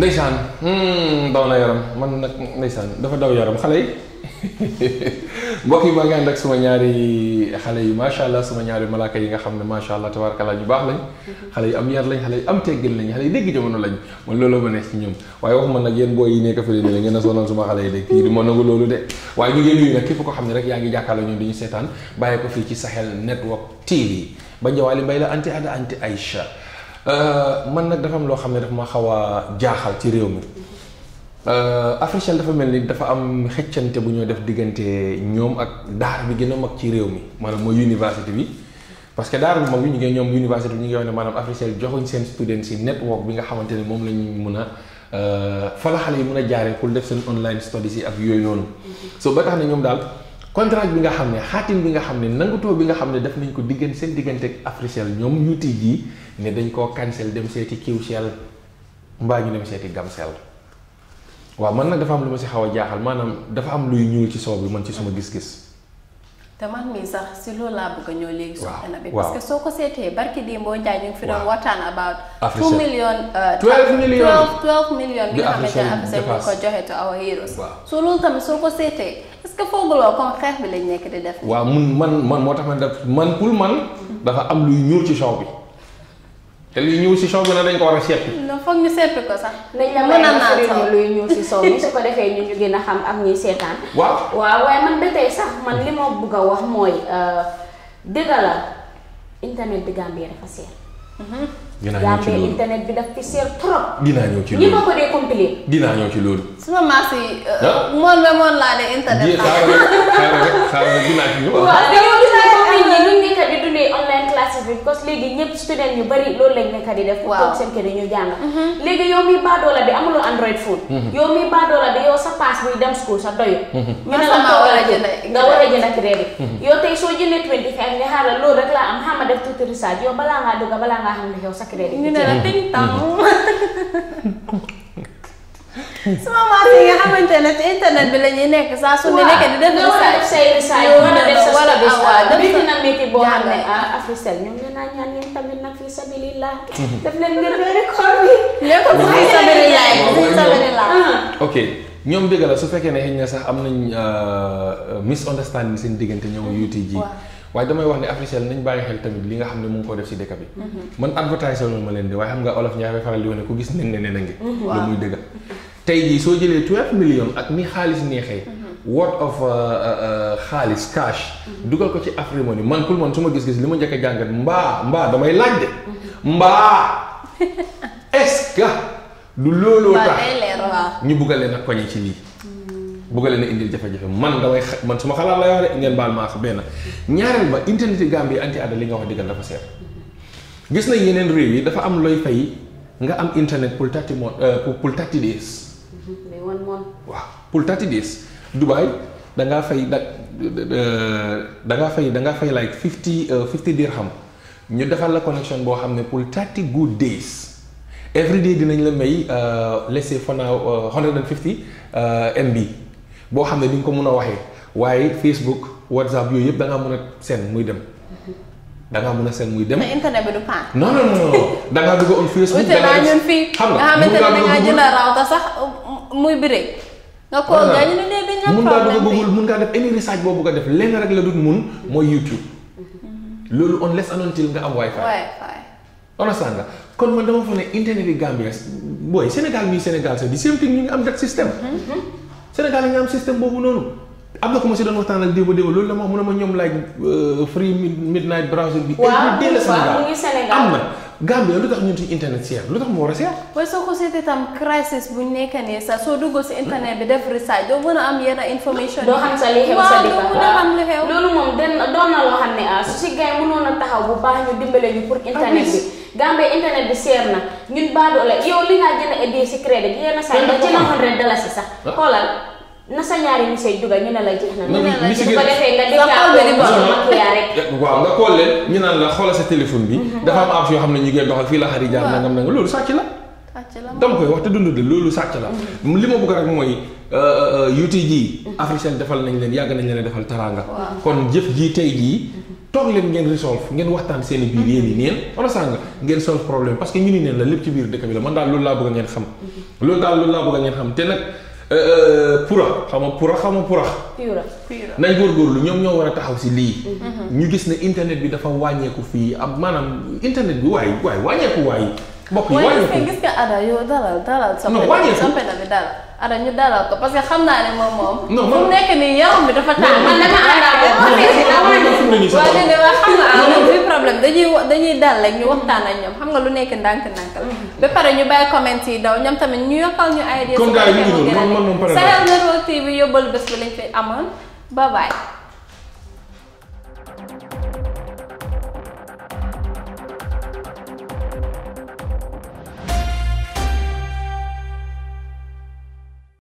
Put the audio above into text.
ndeysaan hmm, daw na yaram man nag ndeysaan dafa daw yaram xale yi mbokk yi maa ngi ànd ak suma ñaari xale ñaari malaaka yi nga xam ne macha allah tabaarkalla ñu baax lañ. Mhm. xale yi am yar lañ xale yi am teggin lañ xale yi dégg jamono lañ man looloo ma neex ci ñoom waaye wax man nag yéen booy yi nekk fële ne la ngeen a sonal suma xale yi de kii du ma nangu loolu de waaye ñu ngi nuyu nag képp ko xam ne rek yaa ngi jàkkaarloo ñoom dañu seetaan bàyyi ko fii ci Sahel Network TV ba Ndiawaly Mbaye la anti ada anti Aïcha Euh, man nag dafa am loo xam ne dafa ma xaw a jaaxal ci réew mi euh, Africell dafa mel ni dafa am xëccante bu ñoo def diggante ñoom ak daar bi gën a mag ci réew mi maanaam mooy université bi parce que daar bi mag bi ñu ngi ñoom université bi ñu ngi wax ne maanaam Africell joxuñ seen students si network bi nga xamante ne moom la ñu mun a euh, fa la xale yi mun a jaaree pour def seen online studies yi ak yooyu noonu so ba tax na ñoom daal. contrat bi nga xam ne xaatim bi nga xam ne nangutoo bi nga xam ne def nañ ko diggante seen diggante ak Africell ñoom UTG yi ne dañ koo cancel dem seeti Qcell mbaa ñu dem seeti Gamcell waaw man nag dafa am lu ma si xaw a jaaxal maanaam dafa am luy ñuul ci soow bi man ci suma gis-gis. te man mii sax si loolu laa bëgg a ñëw léegi. waaw waaw parce que soo ko seetee barki Demba Ndiaye ñu ngi fi doon waxtaan about. Africell 2 million. 12 uh, million 12 12 million. bi nga xamante ne parce que fooguloo comme xeex bi lañ nekk di def. waaw mun man man moo tax man def man pour man. dafa am luy ñuul ci soow bi. te luy ñuul ci show bi nag dañ ko war a seppi. foog ñu seppi ko sax. mën na naan sax luy ñuul ci show bi su ko defee ñu ñu gën a xam ak ñuy seetaan. waaw waaw waaye man ba tey sax man li moo bëgg a wax mooy euh, dëgg la internet bi Gambie dafa seer. Mhm. dinaa ñëw ci bi daf fi trop. dinaa ñëw ci loolu ñi ma ko dee compilé. dinaa ñëw ci loolu. suma maas yi. Ah? Euh, moon bi parce que léegi ñëpp student ñu bari loolu lañ nekk di def. waaw seen kër ñu jàng. Mm-hmm. léegi yow mi baadoola bi amuloo Android phone. Mm-hmm. yow mi baadoola bi yow sa pass buy dem school sa doyul. Mm-hmm. ñu ne la war a jënd nga war a jënd crédit. yow tey soo jëndee 25 nga xaaral loolu rek laa am xam nga def tuuti research yow balaa ngaa dugg balaa ngaa xam ne yow sa crédit. ñu ne la tëj taw. sama maat yi nga xamante ne internet bi la nekk saa su ne nekk di def. waaw nga def say risaay nga def sa wala dina métti boo xam ne ah Africell ñoom ñu naan ñaan ngeen tamit nag fii mhm. ah. ok ñoom dëgg la su fekkee ne na sax am nañ euh, misunderstanding seen diggante ñoom UTG. waaye damay wax ne Africell nañ bàyyi xel tamit li nga xam ne mu ngi ko def si dëkk bi. Mhm. man advertise loolu ma leen di waaye xam nga olof Ndiaye faral di ku gis nen ne nen a ngi. Mhm. lu muy dëgg tey jii soo jëlee 12 millions ak ni xaalis neexee. Mhm. word of uh, uh, uh, xaalis cash. Mhm. dugal ko ci Afrimoney man pour man su ma gis-gis li ma njëkk a jàngat mbaa mbaa damay laaj de. Mhm. mbaa est du looloo tax ñu bugg leen a koñe ci lii. Mm. bugg leen a indil jafe-jafe man damay man su ma xalaat la wax de ngeen baal maa xam benn ñaareel ba internet Gambie anti ada li nga wax diggal dafa seet. gis na yeneen réew yi dafa am looy fay nga am internet pour thirty mois euh, pour mais wan waaw pour thirty days Dubai da ngaa fay da euh, da ngaa fay da ngaa fay like fifty euh, fifty xam ñu defal la connection boo xam ne pour thirty good days every day dinañ la may euh, laisser for now hundred and fifty MB boo xam ne ni nga ko mun a waxee waaye Facebook WhatsApp yooyu yëpp da ngaa mën a seen muy dem. da ngaa mën a seen muy dem. mais internet bi du paan. non non non da ngaa dugg on Facebook. da xam nga xamante ne da sax muy bire. nga ko gaañu ne léegi dañ la mun ngaa mun ngaa def any boo boobu nga def lenn rek la dut mun mooy YouTube. loolu on laisse until nga am Wi-Fi. Wi-Fi. understand kon man dama foog ne internet bi Gambia booy Sénégal mii Sénégal sax di same thing ñu ngi am dat système. Mhm. Sénégal yi nga am système boobu noonu. am na ko ma si doon waxtaan ak déggoo déggoo loolu la ma wax mu ne ma ñoom like euh, free midnight browsing bi. waaw mu ngi Sénégal am na. Gambia lu tax ñun ci internet seer lu tax mu war a seer. waaye soo ko seetee tam crisis bu ñu nekk nii sax soo duggoo si internet bi def research doo mën a am yenn information. doo xam sa li xew sa dëkk waaw doo mën loolu moom den doon na loo xam ne ah su si gars yi mënoon a taxaw bu baax ñu dimbale ñu pour internet bi. Gambia internet bi seer na ñun baadoo la yow li nga jënd a si crédit yenn saa yi nga rek dala dalasi sax ah. xoolal na sa ñaari monsieur Duga ñu ne la jeex na. ñu ne la jeex na ko defee nga dégg waaw nga xool leen ñu naan la xoolal sa téléphone bi. Mhm. dafa am apps yoo xam ne ñu ngi doxal fii la xarit jaar nangam nangam loolu sàcc la. sàcc la dama koy wax te dund de loolu sàcc la. Mhm. li ma bëgg rek mooy UTG. Euh, euh, euh, mhm. Africell defal nañ leen yàgg nañ leen defal teraanga. kon jëf ji tey jii. toog leen ngeen resolve ngeen waxtaan seen biir yéen yi neen wala sànga ngeen solve problème parce que ñu ni neen la lépp ci biir dëkk bi la man daal loolu laa bëgg ngeen xam loolu daal loolu laa bëgg ngeen xam te nag Euh, euh, pura xaw ma pura xaw ma nañ pura nañ lu ñoom ñoo war a taxaw si lii. Mhm. ñu gis ne internet bi dafa wàññeeku fii am maanaam internet bi waay waay wàññeeku waay. mbokk yi wàññeeku waaye gis nga Ada yow dalal dalal. non bi dalal. ara ñu dalal ko parce que xam naa ne moom moom. nekk nii yaram bi dafa tàng. man dama am na problème dañuy dañuy dal rek ñu waxtaan ak ñoom xam nga lu nekk ndànk-ndànk la. Mm-hmm. ba pare ñu bàyyi comment yi daw ñoom tamit ñu yokkal ñu ay. kon gars yi ñu TV yóbbalu bés bi lañ fi amoon bye bye.